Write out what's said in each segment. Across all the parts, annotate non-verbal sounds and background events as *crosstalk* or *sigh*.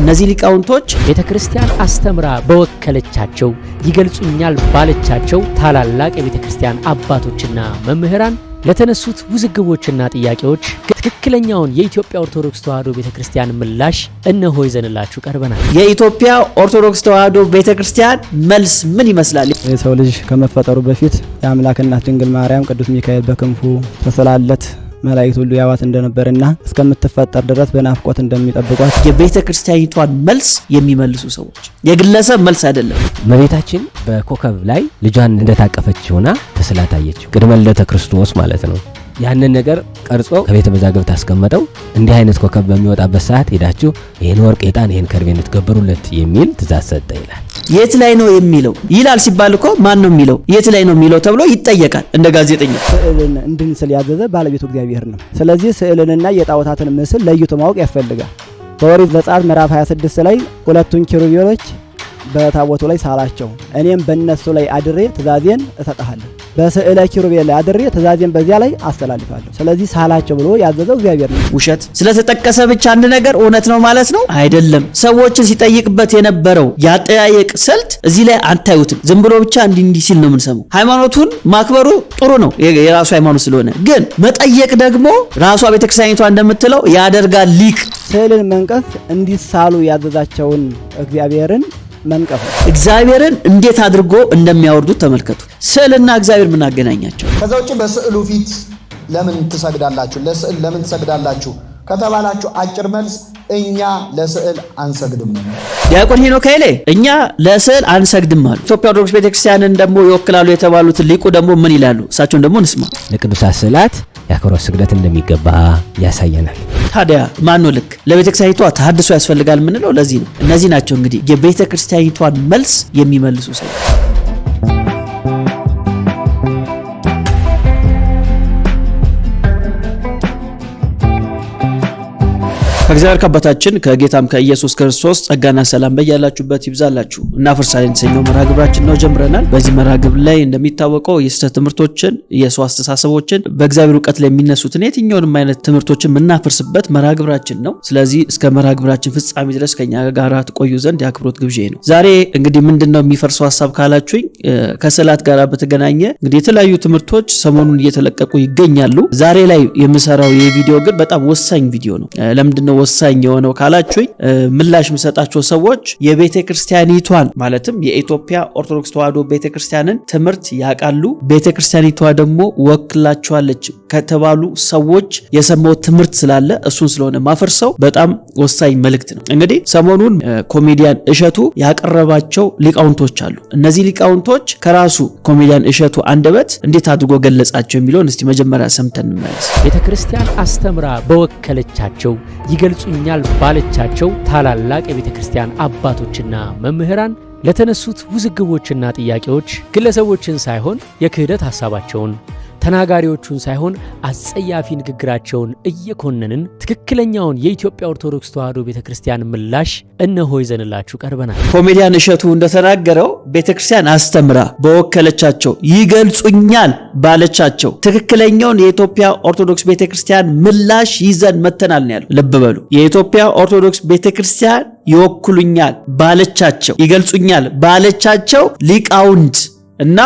እነዚህ ሊቃውንቶች ቤተ ክርስቲያን አስተምራ በወከለቻቸው ይገልጹኛል ባለቻቸው ታላላቅ የቤተ ክርስቲያን አባቶችና መምህራን ለተነሱት ውዝግቦችና ጥያቄዎች ትክክለኛውን የኢትዮጵያ ኦርቶዶክስ ተዋሕዶ ቤተክርስቲያን ምላሽ እነሆ ይዘንላችሁ ቀርበናል። የኢትዮጵያ ኦርቶዶክስ ተዋሕዶ ቤተክርስቲያን መልስ ምን ይመስላል? የሰው ልጅ ከመፈጠሩ በፊት የአምላክ እናት ድንግል ማርያም ቅዱስ ሚካኤል በክንፉ ተሰላለት መላእክት ሁሉ ያዋት እንደነበርና እስከምትፈጠር ድረስ በናፍቆት እንደሚጠብቋት የቤተ ክርስቲያኒቷን መልስ የሚመልሱ ሰዎች የግለሰብ መልስ አይደለም። መቤታችን በኮከብ ላይ ልጇን እንደታቀፈች ሆና ተስላ ታየችው። ቅድመ ልደተ ክርስቶስ ማለት ነው። ያንን ነገር ቀርጾ ከቤተ መዛግብት አስቀመጠው። እንዲህ አይነት ኮከብ በሚወጣበት ሰዓት ሄዳችሁ ይህን ወርቅ፣ ዕጣን፣ ይህን ከርቤ እንድትገበሩለት የሚል ትእዛዝ ሰጠ ይላል። የት ላይ ነው የሚለው ይላል ሲባል እኮ ማን ነው የሚለው የት ላይ ነው የሚለው ተብሎ ይጠየቃል። እንደ ጋዜጠኛ ስዕልን እንድንስል ያዘዘ ባለቤቱ እግዚአብሔር ነው። ስለዚህ ስዕልንና የጣዖታትን ምስል ለይቶ ማወቅ ያስፈልጋል። በኦሪት ዘጸአት ምዕራፍ 26 ላይ ሁለቱን ኪሩቤሎች በታቦቱ ላይ ሳላቸው፣ እኔም በእነሱ ላይ አድሬ ትእዛዜን እሰጥሃለሁ። በስዕለ ኪሩቤል ላይ አድሬ ትእዛዜን በዚያ ላይ አስተላልፋለሁ። ስለዚህ ሳላቸው ብሎ ያዘዘው እግዚአብሔር ነው። ውሸት ስለተጠቀሰ ብቻ አንድ ነገር እውነት ነው ማለት ነው አይደለም። ሰዎችን ሲጠይቅበት የነበረው ያጠያየቅ ስልት እዚህ ላይ አታዩትም። ዝም ብሎ ብቻ እንዲህ እንዲህ ሲል ነው የምንሰማው። ሃይማኖቱን ማክበሩ ጥሩ ነው፣ የራሱ ሃይማኖት ስለሆነ ግን መጠየቅ ደግሞ ራሷ ቤተክርስቲያኒቷ እንደምትለው ያደርጋል ሊቅ ስዕልን መንቀፍ እንዲሳሉ ያዘዛቸውን እግዚአብሔርን መንቀፍ ነው። እግዚአብሔርን እንዴት አድርጎ እንደሚያወርዱት ተመልከቱ። ስዕልና እግዚአብሔር ምናገናኛቸው? ከዛ ውጭ በስዕሉ ፊት ለምን ትሰግዳላችሁ? ለስዕል ለምን ትሰግዳላችሁ ከተባላችሁ አጭር መልስ እኛ ለስዕል አንሰግድም። ዲያቆን ሄኖክ ኃይሌ እኛ ለስዕል አንሰግድም አሉ። ኢትዮጵያ ኦርቶዶክስ ቤተክርስቲያንን ደግሞ ይወክላሉ የተባሉት ሊቁ ደግሞ ምን ይላሉ? እሳቸውን ደግሞ እንስማ። ለቅዱሳት ስዕላት የአክብሮት ስግደት እንደሚገባ ያሳየናል። ታዲያ ማነው ልክ ለቤተ ክርስቲያኒቷ ተሀድሶ ያስፈልጋል የምንለው ለዚህ ነው። እነዚህ ናቸው እንግዲህ የቤተ ክርስቲያኒቷን መልስ የሚመልሱ ሰው ከእግዚአብሔር ከአባታችን ከጌታም ከኢየሱስ ክርስቶስ ጸጋና ሰላም በያላችሁበት ይብዛላችሁ እና ፍርሳሌን የተሰኘው መርሃ ግብራችን ነው ጀምረናል። በዚህ መርሃ ግብር ላይ እንደሚታወቀው የስህተት ትምህርቶችን፣ የሰው አስተሳሰቦችን፣ በእግዚአብሔር እውቀት ላይ የሚነሱትን የትኛውንም አይነት ትምህርቶችን የምናፈርስበት መርሃ ግብራችን ነው። ስለዚህ እስከ መርሃ ግብራችን ፍጻሜ ድረስ ከኛ ጋር ትቆዩ ዘንድ የአክብሮት ግብዤ ነው። ዛሬ እንግዲህ ምንድን ነው የሚፈርሰው ሀሳብ ካላችሁኝ ከስዕላት ጋር በተገናኘ እንግዲህ የተለያዩ ትምህርቶች ሰሞኑን እየተለቀቁ ይገኛሉ። ዛሬ ላይ የምሰራው ይህ ቪዲዮ ግን በጣም ወሳኝ ቪዲዮ ነው። ለምንድነው ወሳኝ የሆነው ካላችሁኝ ምላሽ የምሰጣቸው ሰዎች የቤተ ክርስቲያኒቷን ማለትም የኢትዮጵያ ኦርቶዶክስ ተዋሕዶ ቤተ ክርስቲያንን ትምህርት ያውቃሉ፣ ቤተ ክርስቲያኒቷ ደግሞ ወክላቸዋለች ከተባሉ ሰዎች የሰማው ትምህርት ስላለ እሱን ስለሆነ ማፈርሰው በጣም ወሳኝ መልእክት ነው። እንግዲህ ሰሞኑን ኮሜዲያን እሸቱ ያቀረባቸው ሊቃውንቶች አሉ። እነዚህ ሊቃውንቶች ከራሱ ኮሜዲያን እሸቱ አንደበት እንዴት አድርጎ ገለጻቸው የሚለውን እስቲ መጀመሪያ ሰምተን እንመለስ። ቤተ ክርስቲያን አስተምራ በወከለቻቸው ይገልጹኛል ባለቻቸው ታላላቅ የቤተ ክርስቲያን አባቶችና መምህራን ለተነሱት ውዝግቦችና ጥያቄዎች ግለሰቦችን ሳይሆን የክህደት ሐሳባቸውን ተናጋሪዎቹን ሳይሆን አጸያፊ ንግግራቸውን እየኮነንን ትክክለኛውን የኢትዮጵያ ኦርቶዶክስ ተዋሕዶ ቤተ ክርስቲያን ምላሽ እነሆ ይዘንላችሁ ቀርበናል። ኮሜዲያን እሸቱ እንደተናገረው ቤተ ክርስቲያን አስተምራ በወከለቻቸው ይገልጹኛል ባለቻቸው ትክክለኛውን የኢትዮጵያ ኦርቶዶክስ ቤተ ክርስቲያን ምላሽ ይዘን መተናል ነው ልብ በሉ የኢትዮጵያ ኦርቶዶክስ ቤተ ክርስቲያን ይወክሉኛል ባለቻቸው ይገልጹኛል ባለቻቸው ሊቃውንት እና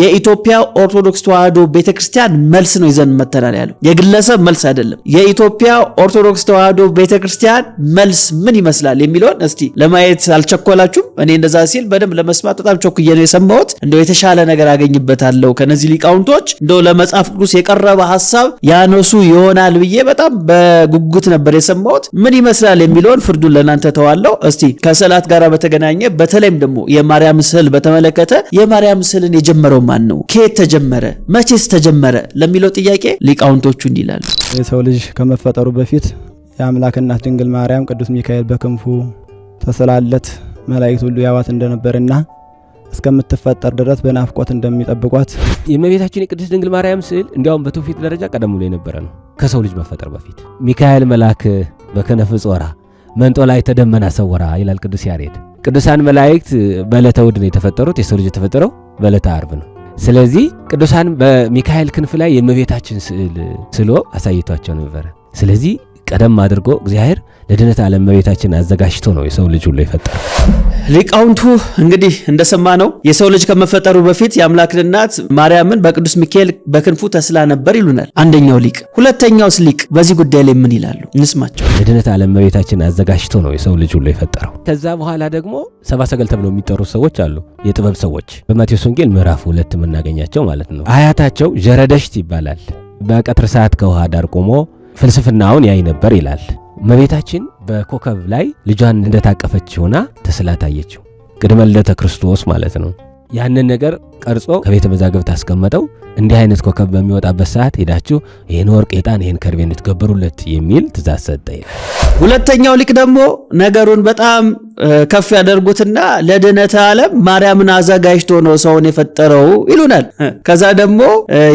የኢትዮጵያ ኦርቶዶክስ ተዋህዶ ቤተክርስቲያን መልስ ነው ይዘን መተናል ያለው የግለሰብ መልስ አይደለም። የኢትዮጵያ ኦርቶዶክስ ተዋህዶ ቤተክርስቲያን መልስ ምን ይመስላል የሚለውን እስቲ ለማየት አልቸኮላችሁም? እኔ እንደዛ ሲል በደንብ ለመስማት በጣም ቸኩዬ ነው የሰማሁት። እንደው የተሻለ ነገር አገኝበታለሁ ከነዚህ ሊቃውንቶች እንደው ለመጽሐፍ ቅዱስ የቀረበ ሀሳብ ያነሱ ይሆናል ብዬ በጣም በጉጉት ነበር የሰማሁት። ምን ይመስላል የሚለውን ፍርዱን ለእናንተ ተዋለው። እስቲ ከስዕላት ጋር በተገናኘ በተለይም ደግሞ የማርያም ስዕል በተመለከተ የማርያም ስዕልን የጀመረው ያለው ማን ነው? ከየት ተጀመረ? መቼስ ተጀመረ ለሚለው ጥያቄ ሊቃውንቶቹ እንዲህ ይላሉ። የሰው ልጅ ከመፈጠሩ በፊት የአምላክ እናት ድንግል ማርያም ቅዱስ ሚካኤል በክንፉ ተስላለት መላእክት ሁሉ ያዋት እንደነበርና እስከምትፈጠር ድረስ በናፍቆት እንደሚጠብቋት የእመቤታችን የቅድስት ድንግል ማርያም ስዕል እንዲያውም በትውፊት ደረጃ ቀደም ብሎ የነበረ ነው። ከሰው ልጅ መፈጠር በፊት ሚካኤል መልአክ በከነፍ ጾራ መንጦ ላይ ተደመና ሰወራ ይላል ቅዱስ ያሬድ። ቅዱሳን መላእክት በዕለተ እሑድ ነው የተፈጠሩት። የሰው ልጅ የተፈጠረው በዕለተ ዓርብ ነው። ስለዚህ ቅዱሳን በሚካኤል ክንፍ ላይ የእመቤታችን ስዕል ስሎ አሳይቷቸው ነበረ። ስለዚህ ቀደም አድርጎ እግዚአብሔር ለድነት ዓለም መቤታችን አዘጋጅቶ ነው የሰው ልጅ ሁሉ የፈጠረው። ሊቃውንቱ እንግዲህ እንደሰማ ነው የሰው ልጅ ከመፈጠሩ በፊት የአምላክን እናት ማርያምን በቅዱስ ሚካኤል በክንፉ ተስላ ነበር ይሉናል አንደኛው ሊቅ። ሁለተኛውስ ሊቅ በዚህ ጉዳይ ላይ ምን ይላሉ? እንስማቸው። ለድነት ዓለም መቤታችን አዘጋጅቶ ነው የሰው ልጅ ሁሉ የፈጠረው። ከዛ በኋላ ደግሞ ሰባ ሰገል ተብለው የሚጠሩ ሰዎች አሉ፣ የጥበብ ሰዎች በማቴዎስ ወንጌል ምዕራፍ ሁለት የምናገኛቸው ማለት ነው። አያታቸው ጀረደሽት ይባላል። በቀትር ሰዓት ከውሃ ዳር ቆሞ ፍልስፍናውን ያይ ነበር ይላል። እመቤታችን በኮከብ ላይ ልጇን እንደታቀፈች ሆና ተስላ ታየችው። ቅድመ ልደተ ክርስቶስ ማለት ነው። ያንን ነገር ቀርጾ ከቤተ መዛግብት አስቀመጠው። እንዲህ አይነት ኮከብ በሚወጣበት ሰዓት ሄዳችሁ ይህን ወርቅ ዕጣን ይህን ከርቤ እንድትገብሩለት የሚል ትእዛዝ ሰጠ። ሁለተኛው ሊቅ ደግሞ ነገሩን በጣም ከፍ ያደርጉትና ለድነተ ዓለም ማርያምን አዘጋጅቶ ነው ሰውን የፈጠረው ይሉናል። ከዛ ደግሞ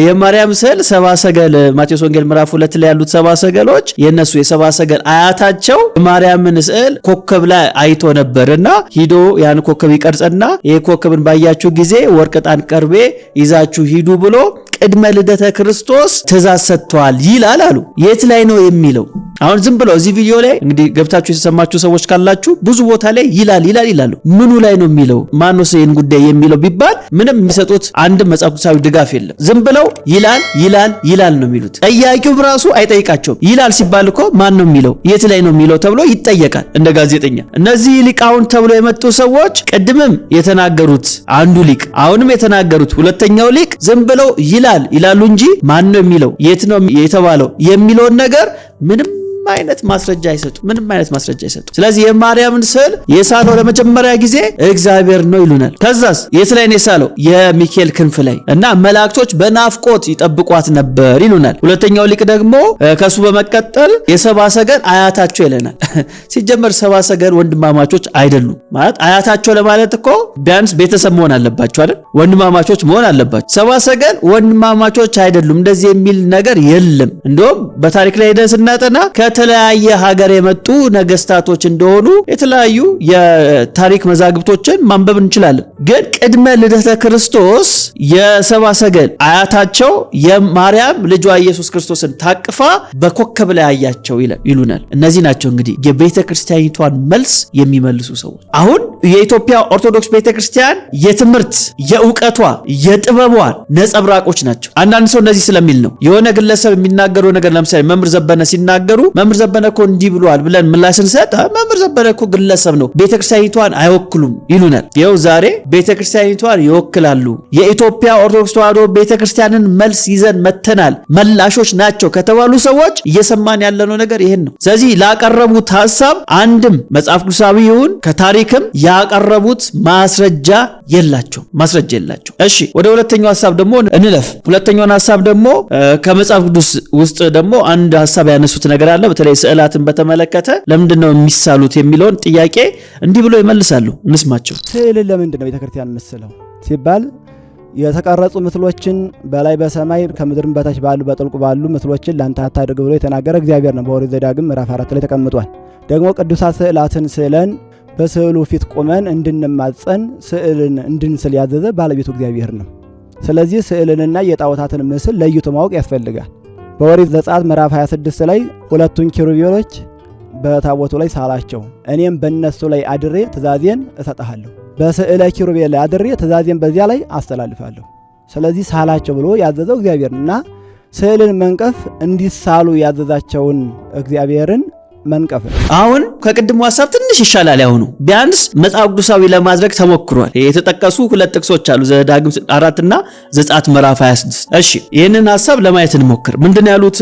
የማርያም ስዕል ሰባ ሰገል ማቴዎስ ወንጌል ምዕራፍ ሁለት ላይ ያሉት ሰባ ሰገሎች የእነሱ የሰባ ሰገል አያታቸው ማርያምን ስዕል ኮከብ ላይ አይቶ ነበርና ሂዶ ያን ኮከብ ይቀርጽና ይህ ኮከብን ባያችሁ ጊዜ ወርቅ ዕጣን ቀርቤ ይዛችሁ ሂዱ ብሎ ቅድመ ልደተ ክርስቶስ ትእዛዝ ሰጥተዋል ይላል አሉ። የት ላይ ነው የሚለው? አሁን ዝም ብለው እዚህ ቪዲዮ ላይ እንግዲህ ገብታችሁ የተሰማችሁ ሰዎች ካላችሁ ብዙ ቦታ ላይ ይላል ይላል ይላሉ። ምኑ ላይ ነው የሚለው? ማኖስ ይህን ጉዳይ የሚለው ቢባል ምንም የሚሰጡት አንድም መጽሐፍ ቅዱሳዊ ድጋፍ የለም። ዝም ብለው ይላል ይላል ይላል ነው የሚሉት። ጠያቂውም ራሱ አይጠይቃቸውም። ይላል ሲባል እኮ ማን ነው የሚለው? የት ላይ ነው የሚለው ተብሎ ይጠየቃል እንደ ጋዜጠኛ። እነዚህ ሊቃውንት ተብሎ የመጡ ሰዎች ቅድምም የተናገሩት አንዱ ሊቅ፣ አሁንም የተናገሩት ሁለተኛው ሊቅ ዝም ብለው ይላል ይላል ይላሉ እንጂ ማን ነው የሚለው የት ነው የተባለው የሚለውን ነገር ምንም አይነት ማስረጃ አይሰጡ፣ ምንም አይነት ማስረጃ አይሰጡ። ስለዚህ የማርያምን ስዕል የሳለው ለመጀመሪያ ጊዜ እግዚአብሔር ነው ይሉናል። ከዛስ የት ላይ ነው የሳለው? የሚካኤል ክንፍ ላይ እና መላእክቶች በናፍቆት ይጠብቋት ነበር ይሉናል። ሁለተኛው ሊቅ ደግሞ ከሱ በመቀጠል የሰብአ ሰገል አያታቸው ይለናል። *laughs* ሲጀመር ሰብአ ሰገል ወንድማማቾች አይደሉም ማለት አያታቸው ለማለት እኮ ቢያንስ ቤተሰብ መሆን አለባቸው አይደል? ወንድማማቾች መሆን አለባቸው። ሰብአ ሰገል ወንድማማቾች አይደሉም እንደዚህ የሚል ነገር የለም። እንዲሁም በታሪክ ላይ ሄደን ስናጠና ከተለያየ ሀገር የመጡ ነገስታቶች እንደሆኑ የተለያዩ የታሪክ መዛግብቶችን ማንበብ እንችላለን። ግን ቅድመ ልደተ ክርስቶስ የሰባ ሰገል አያታቸው የማርያም ልጇ ኢየሱስ ክርስቶስን ታቅፋ በኮከብ ላይ አያቸው ይሉናል። እነዚህ ናቸው እንግዲህ የቤተ ክርስቲያኒቷን መልስ የሚመልሱ ሰዎች። አሁን የኢትዮጵያ ኦርቶዶክስ ቤተ ክርስቲያን የትምህርት የእውቀቷ የጥበቧን ነጸብራቆች ናቸው። አንዳንድ ሰው እነዚህ ስለሚል ነው የሆነ ግለሰብ የሚናገረው ነገር ለምሳሌ መምህር ዘበነ ሲናገሩ መምህር ዘበነ እኮ እንዲህ ብሏል ብለን ምላሽ ስንሰጥ መምህር ዘበነ እኮ ግለሰብ ነው፣ ቤተክርስቲያኒቷን አይወክሉም ይሉናል። ይኸው ዛሬ ቤተክርስቲያኒቷን ይወክላሉ። የኢትዮጵያ ኦርቶዶክስ ተዋህዶ ቤተክርስቲያንን መልስ ይዘን መተናል። መላሾች ናቸው ከተባሉ ሰዎች እየሰማን ያለነው ነገር ይህን ነው። ስለዚህ ላቀረቡት ሀሳብ አንድም መጽሐፍ ቅዱሳዊ ይሁን ከታሪክም ያቀረቡት ማስረጃ የላቸው ማስረጃ የላቸው። እሺ ወደ ሁለተኛው ሀሳብ ደግሞ እንለፍ። ሁለተኛውን ሀሳብ ደግሞ ከመጽሐፍ ቅዱስ ውስጥ ደግሞ አንድ ሀሳብ ያነሱት ነገር አለ። በተለይ ስዕላትን በተመለከተ ለምንድን ነው የሚሳሉት የሚለውን ጥያቄ እንዲህ ብሎ ይመልሳሉ። እንስማቸው። ስዕልን ለምንድን ነው ቤተክርስቲያን ምስለው ሲባል የተቀረጹ ምስሎችን በላይ በሰማይ ከምድርም በታች ባሉ በጥልቁ ባሉ ምስሎችን ለአንተ አታድርግ ብሎ የተናገረ እግዚአብሔር ነው። በኦሪት ዘዳግም ምዕራፍ አራት ላይ ተቀምጧል። ደግሞ ቅዱሳት ስዕላትን ስዕለን በስዕሉ ፊት ቁመን እንድንማጸን ስዕልን እንድንስል ያዘዘ ባለቤቱ እግዚአብሔር ነው። ስለዚህ ስዕልንና የጣዖታትን ምስል ለይቶ ማወቅ ያስፈልጋል። በኦሪት ዘጸአት ምዕራፍ 26 ላይ ሁለቱን ኪሩቤሎች በታቦቱ ላይ ሳላቸው፣ እኔም በእነሱ ላይ አድሬ ትእዛዜን እሰጥሃለሁ። በስዕለ ኪሩቤል ላይ አድሬ ትእዛዜን በዚያ ላይ አስተላልፋለሁ። ስለዚህ ሳላቸው ብሎ ያዘዘው እግዚአብሔርና ስዕልን መንቀፍ እንዲሳሉ ያዘዛቸውን እግዚአብሔርን መንቀፍ አሁን ከቅድሙ ሀሳብ ትንሽ ይሻላል። ያሁኑ ቢያንስ መጽሐፍ ቅዱሳዊ ለማድረግ ተሞክሯል። የተጠቀሱ ሁለት ጥቅሶች አሉ፣ ዘዳግም አራት እና ዘጸአት ምዕራፍ 26። እሺ ይህንን ሀሳብ ለማየት እንሞክር። ምንድን ያሉት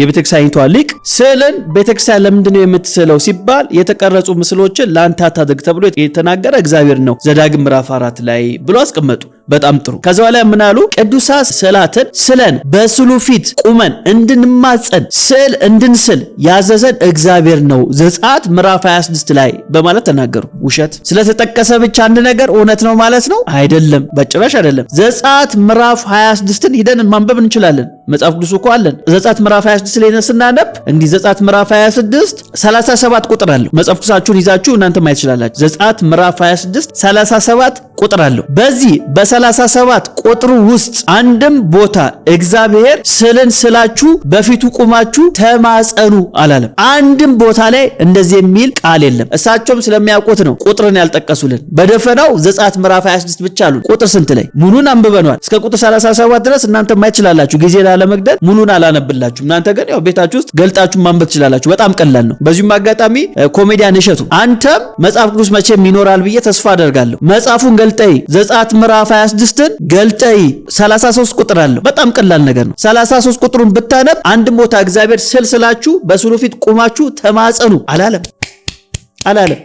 የቤተክርስቲያኒቷ ሊቅ? ስዕልን ቤተክርስቲያን ለምንድን ነው የምትስለው ሲባል የተቀረጹ ምስሎችን ለአንተ አታድርግ ተብሎ የተናገረ እግዚአብሔር ነው ዘዳግም ምዕራፍ አራት ላይ ብሎ አስቀመጡ። በጣም ጥሩ። ከዛ በኋላ ምን አሉ? ቅዱሳ ስዕላትን ስለን በስዕሉ ፊት ቁመን እንድንማጸን ስዕል እንድንስል ያዘዘን እግዚአብሔር ነው ዘጸአት ምዕራፍ 26 ላይ በማለት ተናገሩ። ውሸት ስለተጠቀሰ ብቻ አንድ ነገር እውነት ነው ማለት ነው አይደለም፣ በጭራሽ አይደለም። ዘጸአት ምዕራፍ 26ን ሂደን ማንበብ እንችላለን። መጽሐፍ ቅዱስ እኮ አለን። ዘጻት ምዕራፍ 26 ላይ ስናነብ እንግዲህ ዘጻት ምዕራፍ 26 37 ቁጥር አለው። መጽሐፍ ቅዱሳችሁን ይዛችሁ እናንተ ማየት ትችላላችሁ። ዘጻት ምዕራፍ 26 37 ቁጥር አለው። በዚህ በ37 ቁጥሩ ውስጥ አንድም ቦታ እግዚአብሔር ስልን ስላችሁ በፊቱ ቁማችሁ ተማጸኑ አላለም። አንድም ቦታ ላይ እንደዚህ የሚል ቃል የለም። እሳቸውም ስለሚያውቁት ነው ቁጥርን ያልጠቀሱልን። በደፈናው ዘጻት ምዕራፍ 26 ብቻ አሉ። ቁጥር ስንት ላይ ሙሉን አንብበነዋል። እስከ ቁጥር 37 ድረስ እናንተ ማየት ትችላላችሁ ጊዜ ለመግደል ሙሉን አላነብላችሁም። እናንተ ግን ያው ቤታችሁ ውስጥ ገልጣችሁ ማንበብ ትችላላችሁ። በጣም ቀላል ነው። በዚሁም አጋጣሚ ኮሜዲያን እሸቱ አንተም መጽሐፍ ቅዱስ መቼም ይኖራል ብዬ ተስፋ አደርጋለሁ። መጽሐፉን ገልጠይ ዘጸአት ምዕራፍ 26ን ገልጠይ 33 ቁጥር አለው። በጣም ቀላል ነገር ነው። 33 ቁጥሩን ብታነብ አንድም ቦታ እግዚአብሔር ስል ስላችሁ በስዕሉ ፊት ቁማችሁ ተማጸኑ አላለም አላለም።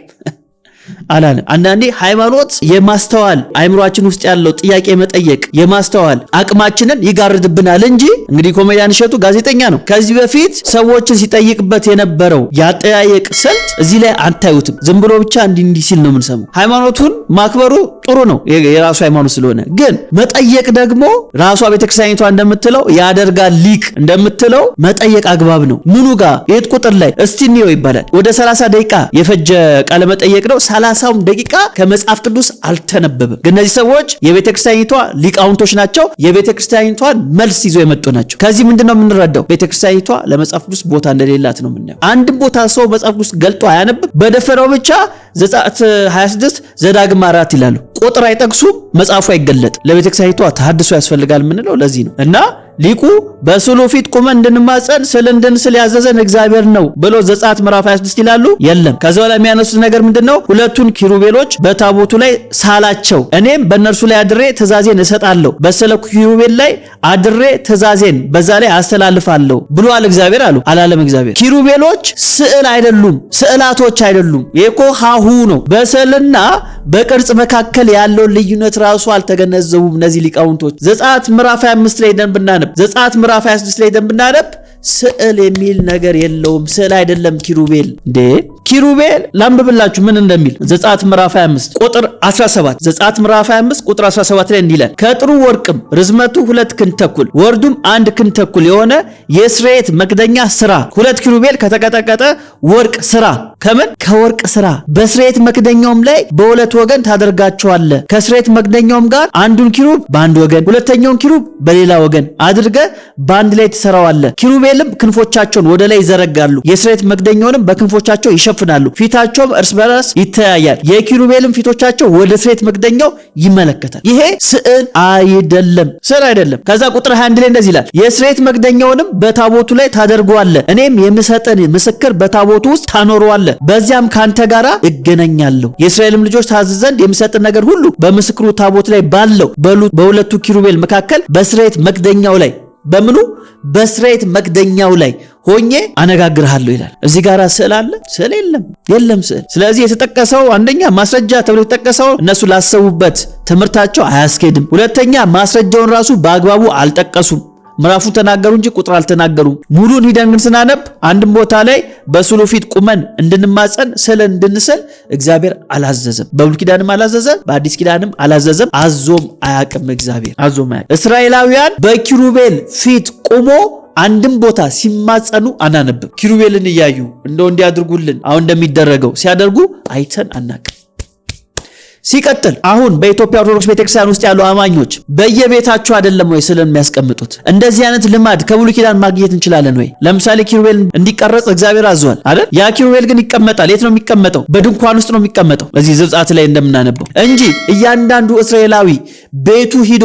አላለም። አንዳንዴ ሃይማኖት የማስተዋል አይምሯችን ውስጥ ያለው ጥያቄ መጠየቅ የማስተዋል አቅማችንን ይጋርድብናል እንጂ እንግዲህ ኮሜዲያን እሸቱ ጋዜጠኛ ነው። ከዚህ በፊት ሰዎችን ሲጠይቅበት የነበረው ያጠያየቅ ስልት እዚህ ላይ አታዩትም። ዝም ብሎ ብቻ እንዲህ እንዲህ ሲል ነው የምንሰማው። ሃይማኖቱን ማክበሩ ጥሩ ነው የራሱ ሃይማኖት ስለሆነ። ግን መጠየቅ ደግሞ ራሷ ቤተክርስቲያኒቷ እንደምትለው ያደርጋል ሊቅ እንደምትለው መጠየቅ አግባብ ነው። ምኑ ጋር የት ቁጥር ላይ እስቲ እንየው ይባላል። ወደ 30 ደቂቃ የፈጀ ቃለ መጠየቅ ነው። 30ውም ደቂቃ ከመጽሐፍ ቅዱስ አልተነበበም። ግን እነዚህ ሰዎች የቤተክርስቲያኒቷ ሊቃውንቶች ናቸው። የቤተክርስቲያኒቷን መልስ ይዘው የመጡ ናቸው። ከዚህ ምንድነው የምንረዳው? ቤተክርስቲያኒቷ ለመጽሐፍ ቅዱስ ቦታ እንደሌላት ነው የምናየው። አንድም ቦታ ሰው መጽሐፍ ቅዱስ ገልጦ አያነብም። በደፈረው ብቻ ዘጸአት 26 ዘዳግም አራት ይላሉ። ቁጥር አይጠቅሱም፣ መጽሐፉ አይገለጥም። ለቤተክርስቲያኒቷ ተሐድሶ ያስፈልጋል የምንለው ለዚህ ነው እና ሊቁ በስዕሉ ፊት ቁመን እንድንማጸን ስል እንድንስል ያዘዘን እግዚአብሔር ነው ብሎ ዘጸአት ምዕራፍ 26 ይላሉ? የለም። ከዛ በኋላ የሚያነሱት ነገር ምንድነው? ሁለቱን ኪሩቤሎች በታቦቱ ላይ ሳላቸው፣ እኔም በእነርሱ ላይ አድሬ ትእዛዜን እሰጣለሁ፣ በሰለ ኪሩቤል ላይ አድሬ ትእዛዜን በዛ ላይ አስተላልፋለሁ ብሏል እግዚአብሔር አሉ አላለም እግዚአብሔር። ኪሩቤሎች ስዕል አይደሉም፣ ስዕላቶች አይደሉም። የኮ ሀሁ ነው። በስዕልና በቅርጽ መካከል ያለውን ልዩነት ራሱ አልተገነዘቡም እነዚህ ሊቃውንቶች። ዘጸአት ምዕራፍ 25 ላይ ደንብናነ ዘጸአት ምዕራፍ 26 ላይ ደንብናነብ ስዕል የሚል ነገር የለውም። ስዕል አይደለም ኪሩቤል እንዴ ኪሩቤል ላንብብላችሁ ምን እንደሚል ዘጸአት ምዕራፍ 25 ቁጥር 17 ዘጸአት ምዕራፍ 25 ቁጥር 17 ላይ እንዲለን ከጥሩ ወርቅም ርዝመቱ ሁለት ክንድ ተኩል ወርዱም አንድ ክንድ ተኩል የሆነ የስርየት መክደኛ ስራ ሁለት ኪሩቤል ከተቀጠቀጠ ወርቅ ስራ ከምን ከወርቅ ስራ በስርየት መክደኛውም ላይ በሁለት ወገን ታደርጋቸዋለ። ከስርየት መክደኛውም ጋር አንዱን ኪሩብ በአንድ ወገን፣ ሁለተኛውን ኪሩብ በሌላ ወገን አድርገ በአንድ ላይ ትሰራዋለ። ኪሩቤልም ክንፎቻቸውን ወደ ላይ ይዘረጋሉ፣ የስርየት መክደኛውንም በክንፎቻቸው ይሸፍ ይሸፍናሉ። ፊታቸውም እርስ በርስ ይተያያል። የኪሩቤልም ፊቶቻቸው ወደ ስሬት መክደኛው ይመለከታል። ይሄ ስዕል አይደለም፣ ስዕል አይደለም። ከዛ ቁጥር 21 ላይ እንደዚህ ይላል፣ የስሬት መክደኛውንም በታቦቱ ላይ ታደርገዋለህ፣ እኔም የምሰጥን ምስክር በታቦቱ ውስጥ ታኖረዋለ፣ በዚያም ካንተ ጋራ እገናኛለሁ። የእስራኤልም ልጆች ታዝ ዘንድ የምሰጥን ነገር ሁሉ በምስክሩ ታቦት ላይ ባለው በሁለቱ ኪሩቤል መካከል በስሬት መክደኛው ላይ በምኑ በስርየት መክደኛው ላይ ሆኜ አነጋግርሃለሁ ይላል። እዚህ ጋር ስዕል አለ? ስዕል የለም፣ የለም ስዕል። ስለዚህ የተጠቀሰው አንደኛ ማስረጃ ተብሎ የተጠቀሰው እነሱ ላሰቡበት ትምህርታቸው አያስኬድም። ሁለተኛ ማስረጃውን ራሱ በአግባቡ አልጠቀሱም። ምዕራፉን ተናገሩ እንጂ ቁጥር አልተናገሩ ሙሉን ሂደን ግን ስናነብ አንድም ቦታ ላይ በስዕሉ ፊት ቁመን እንድንማፀን ስለ እንድንስል እግዚአብሔር አላዘዘም። በብሉይ ኪዳንም አላዘዘም፣ በአዲስ ኪዳንም አላዘዘም። አዞም አያቅም እግዚአብሔር አዞም አያቅም። እስራኤላውያን በኪሩቤል ፊት ቁሞ አንድም ቦታ ሲማጸኑ አናነብም። ኪሩቤልን እያዩ እንደው እንዲያድርጉልን አሁን እንደሚደረገው ሲያደርጉ አይተን አናቅም። ሲቀጥል አሁን በኢትዮጵያ ኦርቶዶክስ ቤተክርስቲያን ውስጥ ያሉ አማኞች በየቤታቸው አይደለም ወይ ስዕልን የሚያስቀምጡት? እንደዚህ አይነት ልማድ ከብሉይ ኪዳን ማግኘት እንችላለን ወይ? ለምሳሌ ኪሩቤል እንዲቀረጽ እግዚአብሔር አዟል አይደል? ያ ኪሩቤል ግን ይቀመጣል። የት ነው የሚቀመጠው? በድንኳን ውስጥ ነው የሚቀመጠው፣ በዚህ ዘጸአት ላይ እንደምናነበው እንጂ እያንዳንዱ እስራኤላዊ ቤቱ ሂዶ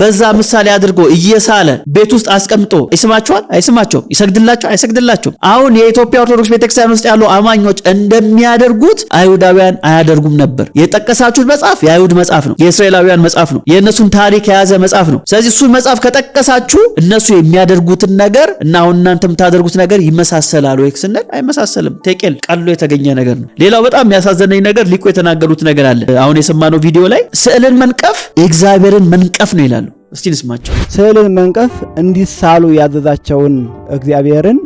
በዛ ምሳሌ አድርጎ እየሳለ ቤት ውስጥ አስቀምጦ ይስማቸዋል? አይስማቸውም? ይሰግድላቸው? አይሰግድላቸው? አሁን የኢትዮጵያ ኦርቶዶክስ ቤተክርስቲያን ውስጥ ያሉ አማኞች እንደሚያደርጉት አይሁዳውያን አያደርጉም ነበር የጠቀሳ የጠቀስኩላችሁት መጽሐፍ የአይሁድ መጽሐፍ ነው፣ የእስራኤላውያን መጽሐፍ ነው፣ የእነሱን ታሪክ የያዘ መጽሐፍ ነው። ስለዚህ እሱን መጽሐፍ ከጠቀሳችሁ እነሱ የሚያደርጉትን ነገር እና አሁን እናንተ የምታደርጉት ነገር ይመሳሰላል ወይ ስንል አይመሳሰልም። ቴቄል ቀሎ የተገኘ ነገር ነው። ሌላው በጣም የሚያሳዘነኝ ነገር ሊቁ የተናገሩት ነገር አለ። አሁን የሰማነው ቪዲዮ ላይ ስዕልን መንቀፍ የእግዚአብሔርን መንቀፍ ነው ይላሉ። እስቲ ንስማቸው። ስዕልን መንቀፍ እንዲሳሉ ያዘዛቸውን እግዚአብሔርን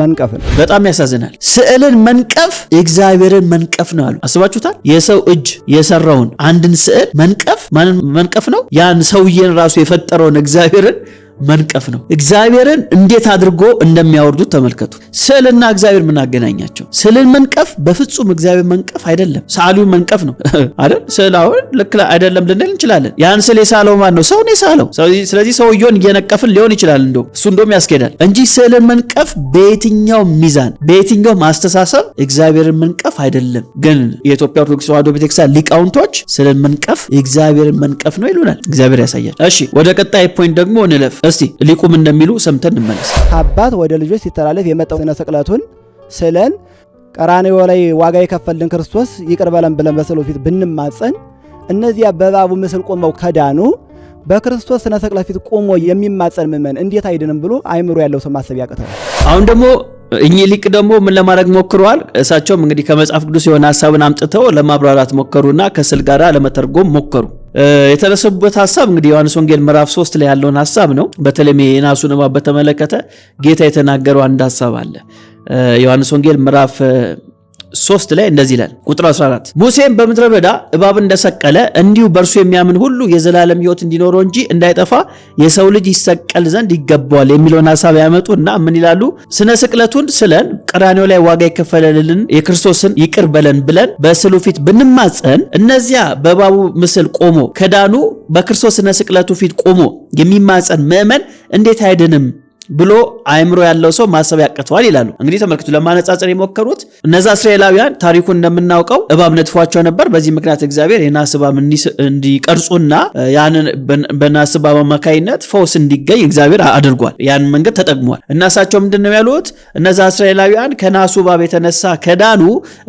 መንቀፍ ነው። በጣም ያሳዝናል። ስዕልን መንቀፍ የእግዚአብሔርን መንቀፍ ነው አሉ። አስባችሁታል? የሰው እጅ የሰራውን አንድን ስዕል መንቀፍ ማንን መንቀፍ ነው? ያን ሰውዬን ራሱ የፈጠረውን እግዚአብሔርን መንቀፍ ነው። እግዚአብሔርን እንዴት አድርጎ እንደሚያወርዱት ተመልከቱ። ስዕልና እግዚአብሔር የምናገናኛቸው ስዕልን መንቀፍ በፍጹም እግዚአብሔር መንቀፍ አይደለም፣ ሰዓሊውን መንቀፍ ነው *laughs* አይደል? ስዕል አሁን ልክ አይደለም ልንል እንችላለን። ያን ስዕል የሳለው ማን ነው? ሰውን የሳለው። ስለዚህ ሰውየውን እየነቀፍን ሊሆን ይችላል፣ እንደውም እሱ እንደውም ያስኬዳል እንጂ ስዕልን መንቀፍ በየትኛው ሚዛን በየትኛው ማስተሳሰብ እግዚአብሔርን መንቀፍ አይደለም። ግን የኢትዮጵያ ኦርቶዶክስ ተዋህዶ ቤተክርስቲያን ሊቃውንቶች ስዕልን መንቀፍ የእግዚአብሔርን መንቀፍ ነው ይሉናል። እግዚአብሔር ያሳያል። እሺ ወደ ቀጣይ ፖይንት ደግሞ እንለፍ። እስቲ ሊቁም እንደሚሉ ሰምተን እንመለስ። ከአባት ወደ ልጆች ሲተላለፍ የመጣው ስነ ስቅለቱን ስለን ቀራንዮ ላይ ዋጋ የከፈልን ክርስቶስ ይቅር በለን ብለን በስዕሉ ፊት ብንማጸን እነዚያ በእባቡ ምስል ቆመው ከዳኑ በክርስቶስ ስነ ስቅለት ፊት ቆሞ የሚማጸን ምእመን እንዴት አይድንም ብሎ አይምሮ ያለው ሰው ማሰብ ያቅተዋል። አሁን ደግሞ እኚህ ሊቅ ደግሞ ምን ለማድረግ ሞክረዋል? እሳቸውም እንግዲህ ከመጽሐፍ ቅዱስ የሆነ ሀሳብን አምጥተው ለማብራራት ሞከሩና ከስዕል ጋር ለመተርጎም ሞከሩ። የተነሰቡበት ሀሳብ እንግዲህ ዮሐንስ ወንጌል ምዕራፍ 3 ላይ ያለውን ሀሳብ ነው። በተለይም የናሱን እባብ በተመለከተ ጌታ የተናገረው አንድ ሀሳብ አለ። ዮሐንስ ወንጌል ምዕራፍ ሶስት ላይ እንደዚህ ይላል ቁጥር 14 ሙሴም በምድረ በዳ እባብ እንደሰቀለ እንዲሁ በእርሱ የሚያምን ሁሉ የዘላለም ሕይወት እንዲኖረው እንጂ እንዳይጠፋ የሰው ልጅ ይሰቀል ዘንድ ይገባዋል የሚለውን ሀሳብ ያመጡ እና ምን ይላሉ? ስነ ስቅለቱን ስለን ቀራኔው ላይ ዋጋ የከፈለልን የክርስቶስን ይቅር በለን ብለን በስዕሉ ፊት ብንማጸን እነዚያ በእባቡ ምስል ቆሞ ከዳኑ በክርስቶስ ስነ ስቅለቱ ፊት ቆሞ የሚማጸን ምእመን እንዴት አይድንም? ብሎ አእምሮ ያለው ሰው ማሰብ ያቅተዋል ይላሉ። እንግዲህ ተመልክቱ፣ ለማነጻጸር የሞከሩት እነዛ እስራኤላውያን ታሪኩን እንደምናውቀው እባብ ነጥፏቸው ነበር። በዚህ ምክንያት እግዚአብሔር የናስ እባብ እንዲቀርጹና ያንን በናስ እባብ አማካይነት ፈውስ እንዲገኝ እግዚአብሔር አድርጓል። ያንን መንገድ ተጠቅሟል። እናሳቸው ምንድን ነው ያሉት? እነዛ እስራኤላውያን ከናሱ እባብ የተነሳ ከዳኑ፣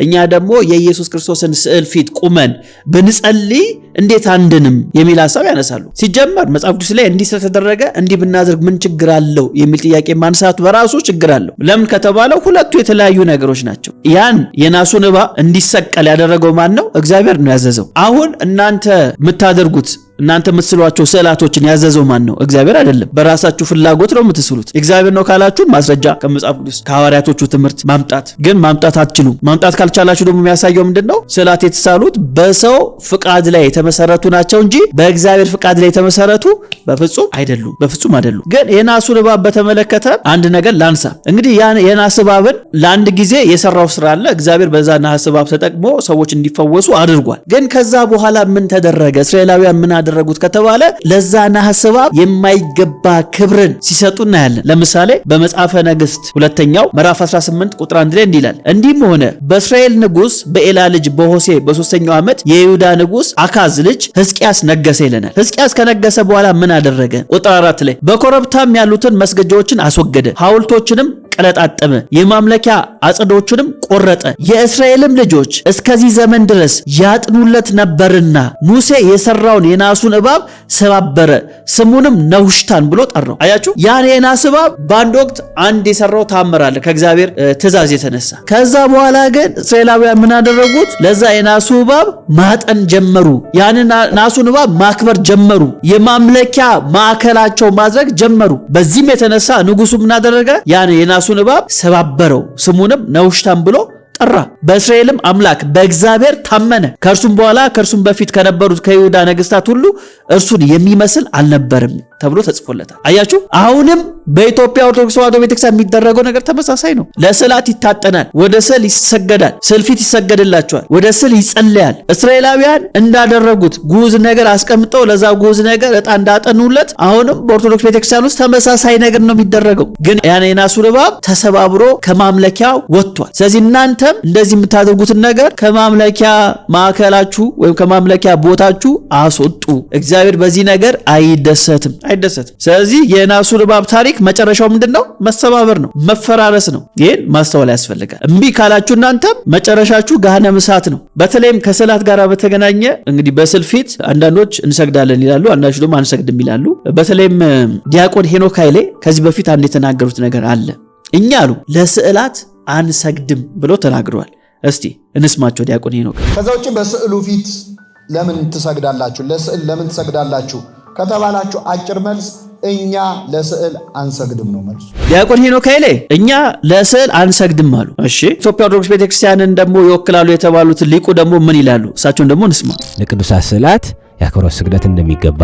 እኛ ደግሞ የኢየሱስ ክርስቶስን ስዕል ፊት ቁመን ብንጸልይ እንዴት አንድንም የሚል ሀሳብ ያነሳሉ። ሲጀመር መጽሐፍ ቅዱስ ላይ እንዲህ ስለተደረገ እንዲህ ብናደርግ ምን ችግር አለው የሚል ጥያቄ ማንሳቱ በራሱ ችግር አለው። ለምን ከተባለው ሁለቱ የተለያዩ ነገሮች ናቸው። ያን የናሱን እባ እንዲሰቀል ያደረገው ማን ነው? እግዚአብሔር ነው ያዘዘው። አሁን እናንተ የምታደርጉት እናንተ የምትስሏቸው ስዕላቶችን ያዘዘው ማን ነው? እግዚአብሔር አይደለም። በራሳችሁ ፍላጎት ነው የምትስሉት። እግዚአብሔር ነው ካላችሁን ማስረጃ ከመጽሐፍ ቅዱስ ከሐዋርያቶቹ ትምህርት ማምጣት ግን ማምጣት አትችሉም። ማምጣት ካልቻላችሁ ደግሞ የሚያሳየው ምንድን ነው? ስዕላት የተሳሉት በሰው ፍቃድ ላይ የተመሰረቱ ናቸው እንጂ በእግዚአብሔር ፍቃድ ላይ የተመሰረቱ በፍጹም አይደሉም። በፍጹም አይደሉም። ግን የናሱን እባብ በተመለከተ አንድ ነገር ላንሳ። እንግዲህ የናስ እባብን ለአንድ ጊዜ የሰራው ስራ አለ። እግዚአብሔር በዛ ናስ እባብ ተጠቅሞ ሰዎች እንዲፈወሱ አድርጓል። ግን ከዛ በኋላ ምን ተደረገ? እስራኤላውያን ምን አድርገው ያደረጉት ከተባለ ለዛ ነሐስ የማይገባ ክብርን ሲሰጡ እናያለን። ለምሳሌ በመጽሐፈ ነገሥት ሁለተኛው ምዕራፍ 18 ቁጥር 1 ላይ እንዲላል እንዲም እንዲህም ሆነ በእስራኤል ንጉሥ በኤላ ልጅ በሆሴ በሶስተኛው ዓመት የይሁዳ ንጉሥ አካዝ ልጅ ሕዝቅያስ ነገሰ ይለናል። ሕዝቅያስ ከነገሰ በኋላ ምን አደረገ? ቁጥር 4 ላይ በኮረብታም ያሉትን መስገጃዎችን አስወገደ፣ ሐውልቶችንም ቀለጣጠመ የማምለኪያ አጽዶቹንም ቆረጠ። የእስራኤልም ልጆች እስከዚህ ዘመን ድረስ ያጥኑለት ነበርና ሙሴ የሰራውን የናሱን እባብ ሰባበረ፣ ስሙንም ነውሽታን ብሎ ጠራው። አያችሁ፣ ያን የናስ እባብ በአንድ ወቅት አንድ የሰራው ታምራለ ከእግዚአብሔር ትእዛዝ የተነሳ ከዛ በኋላ ግን እስራኤላውያን ምን አደረጉት? ለዛ የናሱ እባብ ማጠን ጀመሩ። ያን ናሱን እባብ ማክበር ጀመሩ። የማምለኪያ ማዕከላቸው ማድረግ ጀመሩ። በዚህም የተነሳ ንጉሱ ምን አደረገ? ያን የናሱ የራሱን እባብ ሰባበረው፣ ስሙንም ነውሽታን ብሎ ጠራ። በእስራኤልም አምላክ በእግዚአብሔር ታመነ። ከእርሱም በኋላ ከእርሱም በፊት ከነበሩት ከይሁዳ ነገሥታት ሁሉ እርሱን የሚመስል አልነበርም። ተብሎ ተጽፎለታል። አያችሁ፣ አሁንም በኢትዮጵያ ኦርቶዶክስ ተዋህዶ ቤተክርስቲያን የሚደረገው ነገር ተመሳሳይ ነው። ለስዕላት ይታጠናል፣ ወደ ስዕል ይሰገዳል፣ ስልፊት ይሰገድላቸዋል፣ ወደ ስዕል ይጸለያል። እስራኤላውያን እንዳደረጉት ጉዝ ነገር አስቀምጠው ለዛ ጉዝ ነገር እጣ እንዳጠኑለት አሁንም በኦርቶዶክስ ቤተክርስቲያን ውስጥ ተመሳሳይ ነገር ነው የሚደረገው። ግን ያን የናሱ እባብ ተሰባብሮ ከማምለኪያ ወጥቷል። ስለዚህ እናንተም እንደዚህ የምታደርጉትን ነገር ከማምለኪያ ማዕከላችሁ ወይም ከማምለኪያ ቦታችሁ አስወጡ። እግዚአብሔር በዚህ ነገር አይደሰትም። አይደሰትም። ስለዚህ የናሱ እባብ ታሪክ መጨረሻው ምንድን ነው? መሰባበር ነው፣ መፈራረስ ነው። ይህን ማስተዋል ያስፈልጋል። እምቢ ካላችሁ እናንተም መጨረሻችሁ ገሃነመ እሳት ነው። በተለይም ከስዕላት ጋር በተገናኘ እንግዲህ በስዕል ፊት አንዳንዶች እንሰግዳለን ይላሉ፣ አንዳንዶች ደግሞ አንሰግድም ይላሉ። በተለይም ዲያቆን ሄኖክ ኃይሌ ከዚህ በፊት አንድ የተናገሩት ነገር አለ። እኛ አሉ ለስዕላት አንሰግድም ብሎ ተናግረዋል። እስቲ እንስማቸው ዲያቆን ሄኖክ። ከዛ ውጭ በስዕሉ ፊት ለምን ትሰግዳላችሁ? ለስዕል ለምን ትሰግዳላችሁ? ከተባላችሁ አጭር መልስ እኛ ለስዕል አንሰግድም ነው መልሱ። ዲያቆን ሄኖክ ኃይሌ እኛ ለስዕል አንሰግድም አሉ። እሺ ኢትዮጵያ ኦርቶዶክስ ቤተክርስቲያንን ደግሞ ይወክላሉ የተባሉት ሊቁ ደግሞ ምን ይላሉ? እሳቸውን ደግሞ እንስማ። ለቅዱሳት ስዕላት የአክብሮት ስግደት እንደሚገባ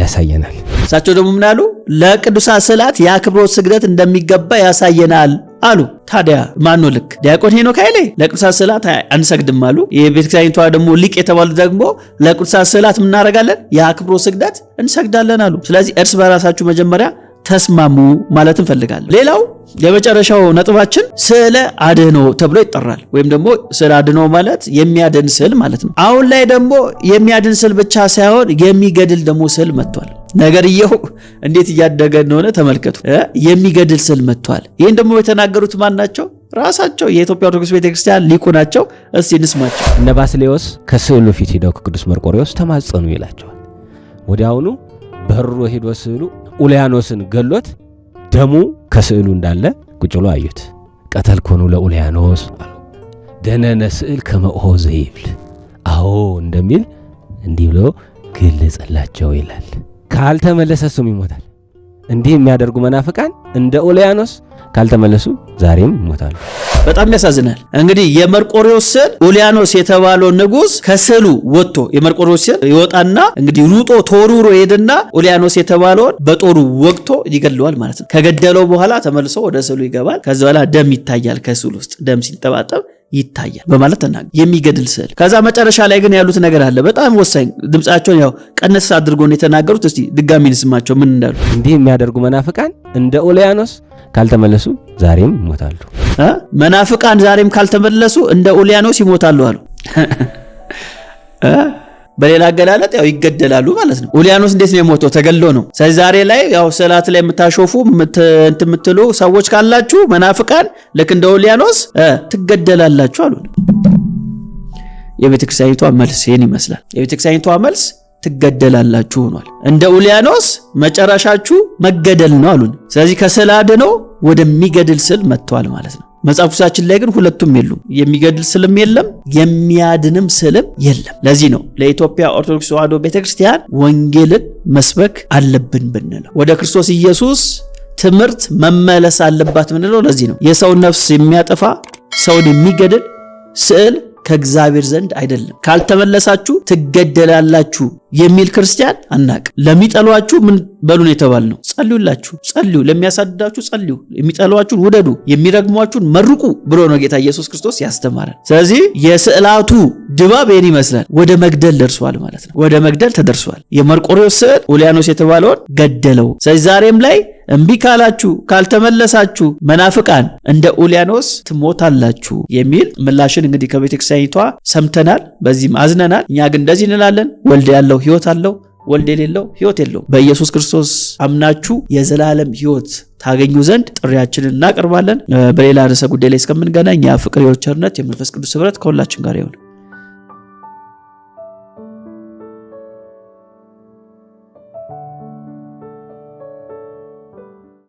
ያሳየናል። እሳቸው ደግሞ ምን አሉ? ለቅዱሳት ስዕላት የአክብሮት ስግደት እንደሚገባ ያሳየናል አሉ። ታዲያ ማኖ ልክ ዲያቆን ሄኖክ ኃይሌ ለቅዱሳት ስዕላት አንሰግድም አሉ። የቤተክርስቲያኒቷ ደግሞ ሊቅ የተባሉት ደግሞ ለቅዱሳት ስዕላት ምናደርጋለን የአክብሮ ስግደት እንሰግዳለን አሉ። ስለዚህ እርስ በራሳችሁ መጀመሪያ ተስማሙ ማለት እንፈልጋለን። ሌላው የመጨረሻው ነጥባችን ስዕለ አድህኖ ተብሎ ይጠራል። ወይም ደግሞ ስዕለ አድኖ ማለት የሚያድን ስዕል ማለት ነው። አሁን ላይ ደግሞ የሚያድን ስዕል ብቻ ሳይሆን የሚገድል ደግሞ ስዕል መጥቷል። ነገርየው እንዴት እያደገ እንደሆነ ተመልከቱ። የሚገድል ስዕል መጥቷል። ይህን ደግሞ የተናገሩት ማን ናቸው? ራሳቸው የኢትዮጵያ ኦርቶዶክስ ቤተክርስቲያን ሊቁ ናቸው። እስቲ እንስማቸው። እነ ባስሌዎስ ከስዕሉ ፊት ሄደው ከቅዱስ መርቆሪዎስ ተማጸኑ ይላቸዋል። ወዲያውኑ በሩ ሄዶ ስዕሉ ኡልያኖስን ገሎት ደሙ ከስዕሉ እንዳለ ቁጭ አዩት። ቀተል ኮኑ ለኡልያኖስ ደነነ ስዕል ከመኦዘ ይብል አዎ እንደሚል እንዲህ ብሎ ግልጽላቸው ይላል። ካልተመለሰ እሱም ይሞታል። እንዲህ የሚያደርጉ መናፍቃን እንደ ኦሊያኖስ ካልተመለሱ ዛሬም ይሞታሉ። በጣም ያሳዝናል። እንግዲህ የመርቆሪዎስ ስዕል ኡሊያኖስ የተባለው ንጉስ ከስዕሉ ወጥቶ የመርቆሪዎስ ስዕል ይወጣና እንግዲህ ሩጦ ተወርውሮ ሄድና ኡሊያኖስ የተባለውን በጦሩ ወቅቶ ይገድለዋል ማለት ነው። ከገደለው በኋላ ተመልሶ ወደ ስዕሉ ይገባል። ከዚ በኋላ ደም ይታያል። ከስዕሉ ውስጥ ደም ሲንጠባጠብ ይታያል በማለት ተናገ የሚገድል ስዕል። ከዛ መጨረሻ ላይ ግን ያሉት ነገር አለ በጣም ወሳኝ። ድምፃቸውን ያው ቀነስ አድርጎ ነው የተናገሩት። እስቲ ድጋሚ እንስማቸው ምን እንዳሉ። እንዲህ የሚያደርጉ መናፍቃን እንደ ኦሊያኖስ ካልተመለሱ ዛሬም ይሞታሉ። መናፍቃን ዛሬም ካልተመለሱ እንደ ኦሊያኖስ ይሞታሉ አሉ። *laughs* በሌላ አገላለጥ ያው ይገደላሉ ማለት ነው። ኡሊያኖስ እንዴት ነው የሞተው? ተገሎ ነው። ስለዚህ ዛሬ ላይ ያው ሰላት ላይ የምታሾፉ እንትን የምትሉ ሰዎች ካላችሁ መናፍቃን፣ ልክ እንደ ኡሊያኖስ ትገደላላችሁ አሉ። የቤተክርስቲያኒቷ መልስ ይህን ይመስላል። የቤተክርስቲያኒቷ መልስ ትገደላላችሁ ሆኗል። እንደ ኡሊያኖስ መጨረሻችሁ መገደል ነው አሉን። ስለዚህ ከስዕል አድኖ ወደሚገድል ስዕል መጥተዋል ማለት ነው። መጽሐፍ ቅዱሳችን ላይ ግን ሁለቱም የሉም። የሚገድል ስልም የለም፣ የሚያድንም ስልም የለም። ለዚህ ነው ለኢትዮጵያ ኦርቶዶክስ ተዋህዶ ቤተክርስቲያን ወንጌልን መስበክ አለብን ብንለው ወደ ክርስቶስ ኢየሱስ ትምህርት መመለስ አለባት ምንለው ለዚህ ነው የሰውን ነፍስ የሚያጠፋ ሰውን የሚገድል ስዕል ከእግዚአብሔር ዘንድ አይደለም። ካልተመለሳችሁ ትገደላላችሁ የሚል ክርስቲያን አናቅ ለሚጠሏችሁ ምን በሉን የተባል ነው። ጸልዩላችሁ፣ ጸልዩ፣ ለሚያሳድዳችሁ ጸልዩ፣ የሚጠሏችሁን ውደዱ፣ የሚረግሟችሁን መርቁ ብሎ ነው ጌታ ኢየሱስ ክርስቶስ ያስተማረን። ስለዚህ የስዕላቱ ድባብ ይህን ይመስላል። ወደ መግደል ደርሷል ማለት ነው። ወደ መግደል ተደርሷል። የመርቆሪዎስ ስዕል ኡሊያኖስ የተባለውን ገደለው። ስለዚህ ዛሬም ላይ እምቢ ካላችሁ ካልተመለሳችሁ መናፍቃን እንደ ኡሊያኖስ ትሞታላችሁ የሚል ምላሽን እንግዲህ ከቤተክርስቲያኒቷ ሰምተናል። በዚህም አዝነናል። እኛ ግን እንደዚህ እንላለን ወልድ ያለው ህይወት አለው፣ ወልድ የሌለው ህይወት የለውም። በኢየሱስ ክርስቶስ አምናችሁ የዘላለም ህይወት ታገኙ ዘንድ ጥሪያችንን እናቀርባለን። በሌላ ርዕሰ ጉዳይ ላይ እስከምንገናኝ የፍቅር፣ ፍቅር፣ ቸርነት፣ የመንፈስ ቅዱስ ህብረት ከሁላችን ጋር ይሁን።